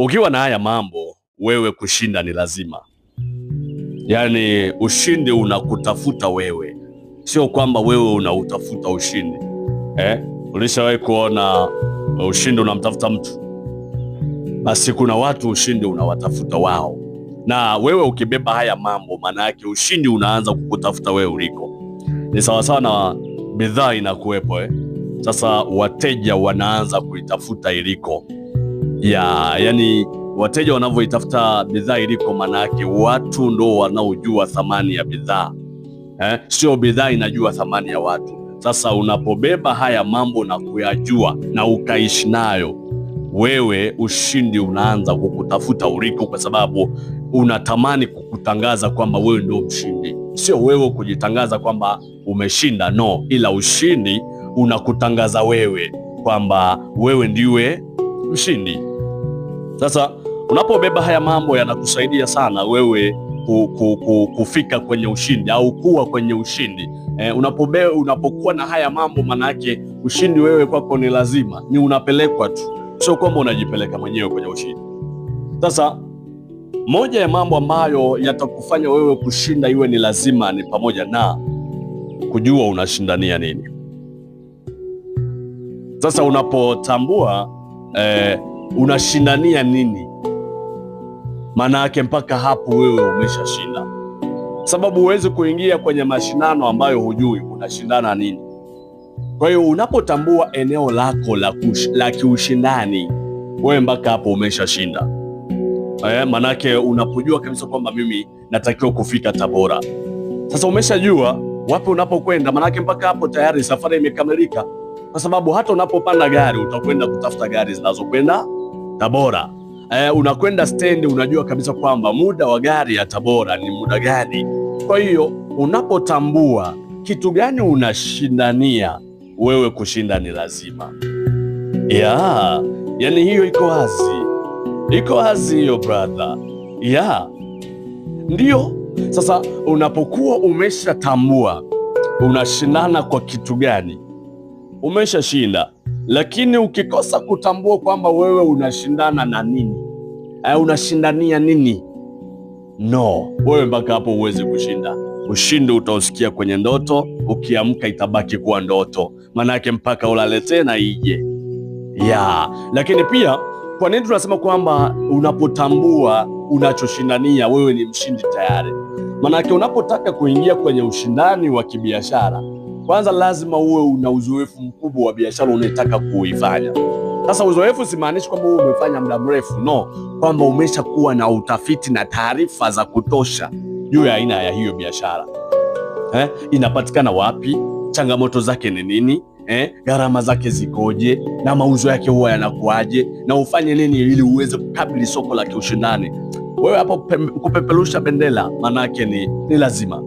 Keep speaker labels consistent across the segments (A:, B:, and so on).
A: Ukiwa na haya mambo, wewe kushinda ni lazima. Yaani ushindi unakutafuta wewe, sio kwamba wewe unautafuta ushindi eh? Ulishawahi kuona uh, ushindi unamtafuta mtu? Basi kuna watu ushindi unawatafuta wao, na wewe ukibeba haya mambo, maana yake ushindi unaanza kukutafuta wewe uliko. Ni sawasawa na bidhaa inakuwepo eh? Sasa wateja wanaanza kuitafuta iliko ya yani wateja wanavyoitafuta bidhaa iliko, yake watu ndo wanaojua thamani ya bidhaa eh, sio bidhaa inajua thamani ya watu. Sasa unapobeba haya mambo na kuyajua na ukaishi nayo, wewe ushindi unaanza kukutafuta uliko, kwa sababu unatamani kukutangaza kwamba wewe ndio mshindi, sio wewe kujitangaza kwamba umeshinda, no, ila ushindi unakutangaza wewe kwamba wewe ndiwe mshindi. Sasa unapobeba haya mambo yanakusaidia sana wewe ku, ku, ku, kufika kwenye ushindi au kuwa kwenye ushindi eh, unapobe, unapokuwa na haya mambo manake ushindi wewe kwako ni lazima, ni unapelekwa tu, sio kwamba unajipeleka mwenyewe kwenye ushindi. Sasa moja ya mambo ambayo yatakufanya wewe kushinda iwe ni lazima ni pamoja na kujua unashindania nini. Sasa unapotambua eh, unashindania nini? Maana yake mpaka hapo wewe umeshashinda, sababu huwezi kuingia kwenye mashindano ambayo hujui unashindana nini. Kwa hiyo unapotambua eneo lako la, kush, la kiushindani wewe mpaka hapo umeshashinda. Eh, manake unapojua kabisa kwamba mimi natakiwa kufika Tabora, sasa umeshajua wapi unapokwenda, manake mpaka hapo tayari safari imekamilika kwa sababu hata unapopanda gari utakwenda kutafuta gari zinazokwenda Tabora. Eh, unakwenda stendi, unajua kabisa kwamba muda wa gari ya Tabora ni muda gani. Kwa hiyo unapotambua kitu gani unashindania wewe, kushinda ni lazima yeah. Yani hiyo iko wazi, iko wazi hiyo brother yeah. Ndiyo sasa unapokuwa umeshatambua unashindana kwa kitu gani umeshashinda, lakini ukikosa kutambua kwamba wewe unashindana na nini, e, unashindania nini, no, wewe mpaka hapo huwezi kushinda. Ushindi utausikia kwenye ndoto, ukiamka itabaki kuwa ndoto, maanake mpaka ulale tena ije ya yeah. Lakini pia kwa nini tunasema kwamba unapotambua unachoshindania wewe ni mshindi tayari? Maanake unapotaka kuingia kwenye ushindani wa kibiashara kwanza lazima uwe una uzoefu mkubwa wa biashara unayotaka kuifanya. Sasa uzoefu simaanishi kwamba wewe umefanya muda mrefu, no, kwamba umeshakuwa na utafiti na taarifa za kutosha juu ya aina ya hiyo biashara eh, inapatikana wapi, changamoto zake ni nini, eh, gharama zake zikoje, na mauzo yake huwa yanakuaje, na ufanye nini ili uweze kukabili soko la kiushindani. Wewe hapo kupeperusha bendera manake ni, ni lazima,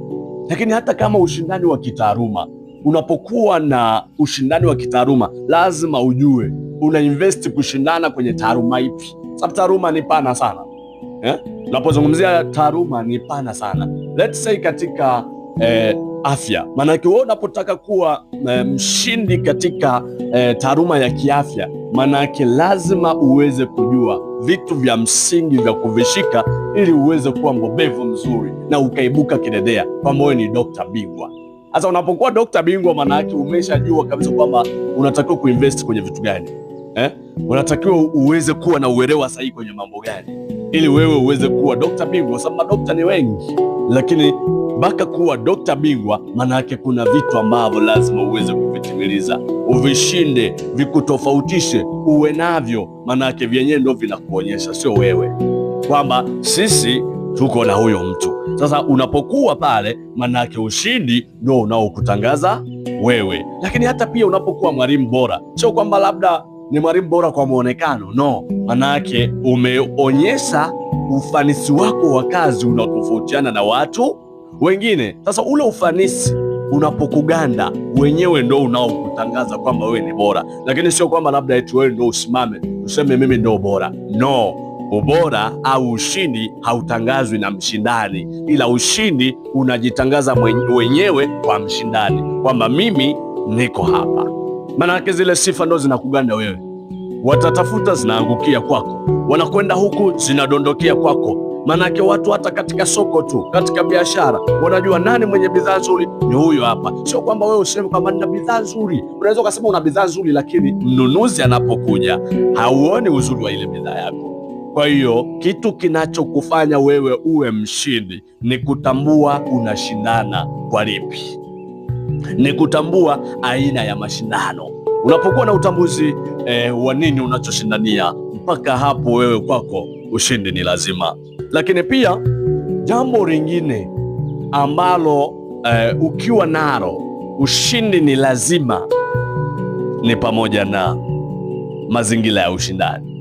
A: lakini hata kama ushindani wa kitaaluma unapokuwa na ushindani wa kitaaluma, lazima ujue una invest kushindana kwenye taaluma ipi, sababu taaluma ni pana sana eh? Unapozungumzia taaluma ni pana sana let's say katika eh, afya maanake, wewe unapotaka kuwa e, mshindi katika e, taaluma ya kiafya, maanake lazima uweze kujua vitu vya msingi vya kuvishika ili uweze kuwa mbobevu mzuri na ukaibuka kidedea kwamba wewe ni dokta bingwa. Sasa unapokuwa dokta bingwa, maana yake umeshajua kabisa kwamba unatakiwa kuinvest kwenye vitu gani eh? Unatakiwa uweze kuwa na uelewa sahihi kwenye mambo gani, ili wewe uweze kuwa dokta bingwa, kwa sababu madokta ni wengi, lakini mpaka kuwa dokta bingwa, maana yake kuna vitu ambavyo lazima uweze kuvitimiliza, uvishinde, vikutofautishe, uwe navyo, maana yake vyenyewe ndio vinakuonyesha, sio wewe, kwamba sisi tuko na huyo mtu sasa. Unapokuwa pale, manake ushindi ndio unaokutangaza wewe. Lakini hata pia unapokuwa mwalimu bora, sio kwamba labda ni mwalimu bora kwa mwonekano, no, manake umeonyesha ufanisi wako wa kazi unatofautiana na watu wengine. Sasa ule ufanisi unapokuganda wenyewe ndo unaokutangaza kwamba wewe ni bora, lakini sio kwamba labda eti wewe ndo usimame useme mimi ndo bora, no Ubora au ushindi hautangazwi na mshindani, ila ushindi unajitangaza wenyewe kwa mshindani, kwamba mimi niko hapa. Maanake zile sifa ndo zinakuganda wewe, watatafuta zinaangukia kwako, wanakwenda huku zinadondokea kwako. Maanake watu hata katika soko tu, katika biashara, wanajua nani mwenye bidhaa nzuri, ni huyu hapa. Sio kwamba wewe useme kwamba nina bidhaa nzuri. Unaweza ukasema una bidhaa nzuri, lakini mnunuzi anapokuja hauoni uzuri wa ile bidhaa yako. Kwa hiyo kitu kinachokufanya wewe uwe mshindi ni kutambua unashindana kwa lipi, ni kutambua aina ya mashindano. Unapokuwa na utambuzi eh, wa nini unachoshindania, mpaka hapo wewe kwako ushindi ni lazima. Lakini pia jambo lingine ambalo eh, ukiwa nalo ushindi ni lazima, ni pamoja na mazingira ya ushindani.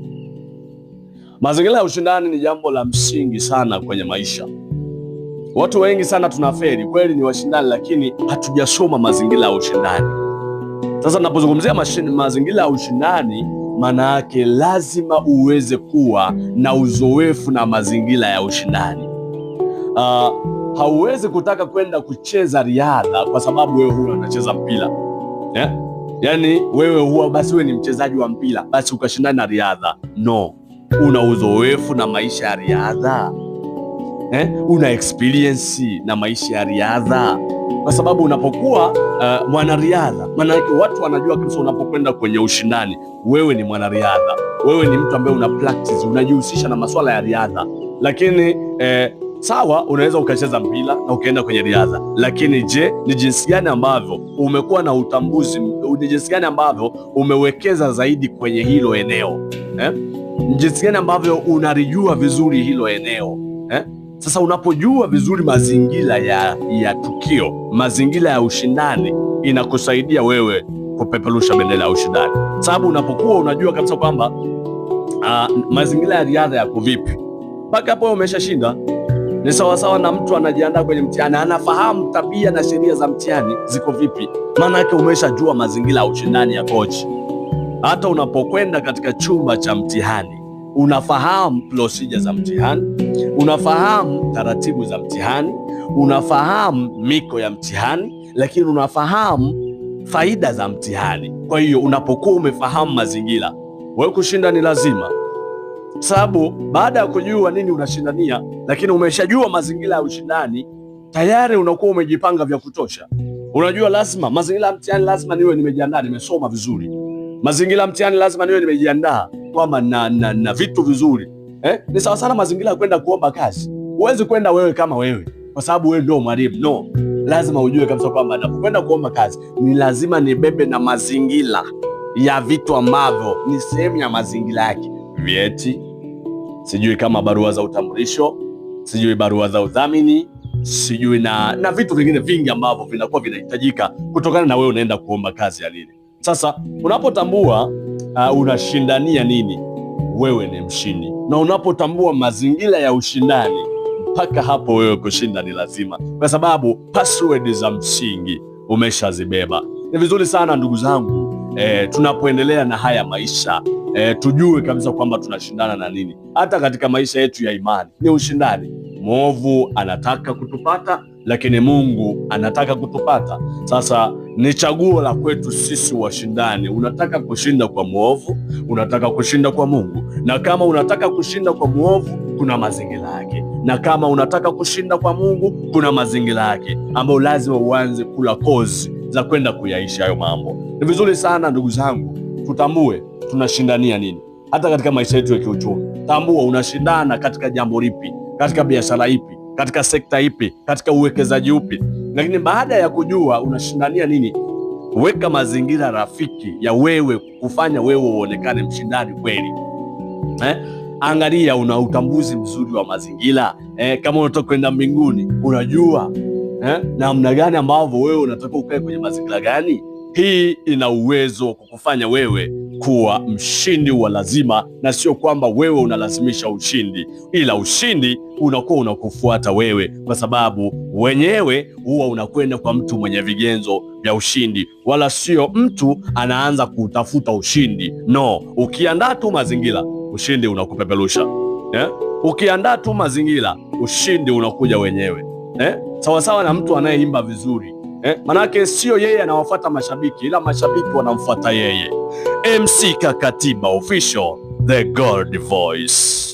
A: Mazingira ya ushindani ni jambo la msingi sana kwenye maisha. Watu wengi sana tunaferi kweli, ni washindani, lakini hatujasoma mazingira ya ushindani. Sasa napozungumzia mazingira ya ushindani, maana yake lazima uweze kuwa na uzoefu na mazingira ya ushindani. Uh, hauwezi kutaka kwenda kucheza riadha kwa sababu wewe huwa unacheza mpira yeah? Yaani wewe huwa basi wewe ni mchezaji wa mpira, basi ukashindana na riadha no una uzoefu na maisha ya riadha eh? Una experience na maisha ya riadha, kwa sababu unapokuwa uh, mwanariadha, maanake watu wanajua kabisa unapokwenda kwenye ushindani, wewe ni mwanariadha, wewe ni mtu ambaye una practice, unajihusisha na masuala ya riadha, lakini eh, sawa unaweza ukacheza mpira na ukaenda kwenye riadha, lakini je, ni jinsi gani ambavyo umekuwa na utambuzi? Ni jinsi gani ambavyo umewekeza zaidi kwenye hilo eneo eh? jinsi gani ambavyo unalijua vizuri hilo eneo eh? Sasa unapojua vizuri mazingira ya, ya tukio, mazingira ya ushindani, inakusaidia wewe kupeperusha bendera ya ushindani, sababu unapokuwa unajua kabisa kwamba uh, mazingira ya riadha yako vipi, mpaka hapo umeshashinda. Ni sawasawa na mtu anajiandaa kwenye mtihani, anafahamu tabia na sheria za mtihani ziko vipi, maana yake umeshajua mazingira ya ushindani ya kochi. Hata unapokwenda katika chumba cha mtihani, unafahamu prosija za mtihani, unafahamu taratibu za mtihani, unafahamu miko ya mtihani, lakini unafahamu faida za mtihani. Kwa hiyo unapokuwa umefahamu mazingira, wewe kushinda ni lazima, sababu baada ya kujua nini unashindania, lakini umeshajua mazingira ya ushindani, tayari unakuwa umejipanga vya kutosha. Unajua lazima mazingira ya mtihani, lazima niwe nimejiandaa, nimesoma vizuri Mazingira mtiani mtihani lazima niwe nimejiandaa kwamba na, na, na vitu vizuri eh? Ni sawa sana mazingira ya kwenda kuomba kazi. Huwezi kwenda wewe kama wewe, kwa sababu wewe ndio mwalimu no. Lazima ujue kabisa kwamba napokwenda kuomba kazi ni lazima nibebe na mazingira ya vitu ambavyo ni sehemu ya mazingira yake, vyeti, sijui kama barua za utambulisho, sijui barua za udhamini, sijui na, na vitu vingine vingi ambavyo vinakuwa vinahitajika kutokana na wewe unaenda kuomba kazi ya lile sasa unapotambua uh, unashindania nini, wewe ni mshindi, na unapotambua mazingira ya ushindani, mpaka hapo wewe kushinda ni lazima, kwa sababu password za msingi umeshazibeba. Ni vizuri sana ndugu zangu, e, tunapoendelea na haya maisha e, tujue kabisa kwamba tunashindana na nini. Hata katika maisha yetu ya imani ni ushindani. Mwovu anataka kutupata, lakini Mungu anataka kutupata. Sasa ni chaguo la kwetu sisi washindani. Unataka kushinda kwa mwovu, unataka kushinda kwa Mungu. Na kama unataka kushinda kwa mwovu, kuna mazingira yake, na kama unataka kushinda kwa Mungu, kuna mazingira yake ambayo lazima uanze kula kozi za kwenda kuyaisha hayo mambo. Ni vizuri sana ndugu zangu, tutambue tunashindania nini, hata katika maisha yetu ya kiuchumi. Tambua unashindana katika jambo lipi, katika biashara ipi, katika sekta ipi, katika uwekezaji upi. Lakini baada ya kujua unashindania nini, weka mazingira rafiki ya wewe kufanya wewe uonekane mshindani kweli eh? Angalia, una utambuzi mzuri wa mazingira eh? Kama unataka kwenda mbinguni unajua eh? namna gani ambavyo wewe unataka ukae kwenye mazingira gani. Hii ina uwezo wa kukufanya wewe kuwa mshindi wa lazima, na sio kwamba wewe unalazimisha ushindi, ila ushindi unakuwa unakufuata wewe, kwa sababu wenyewe huwa unakwenda kwa mtu mwenye vigenzo vya ushindi, wala sio mtu anaanza kutafuta ushindi. No, ukiandaa tu mazingira, ushindi unakupepelusha eh? Ukiandaa tu mazingira, ushindi unakuja wenyewe eh? Sawasawa na mtu anayeimba vizuri eh? Manake sio yeye anawafuata mashabiki, ila mashabiki wanamfuata yeye. MC Kakatiba official, the gold voice.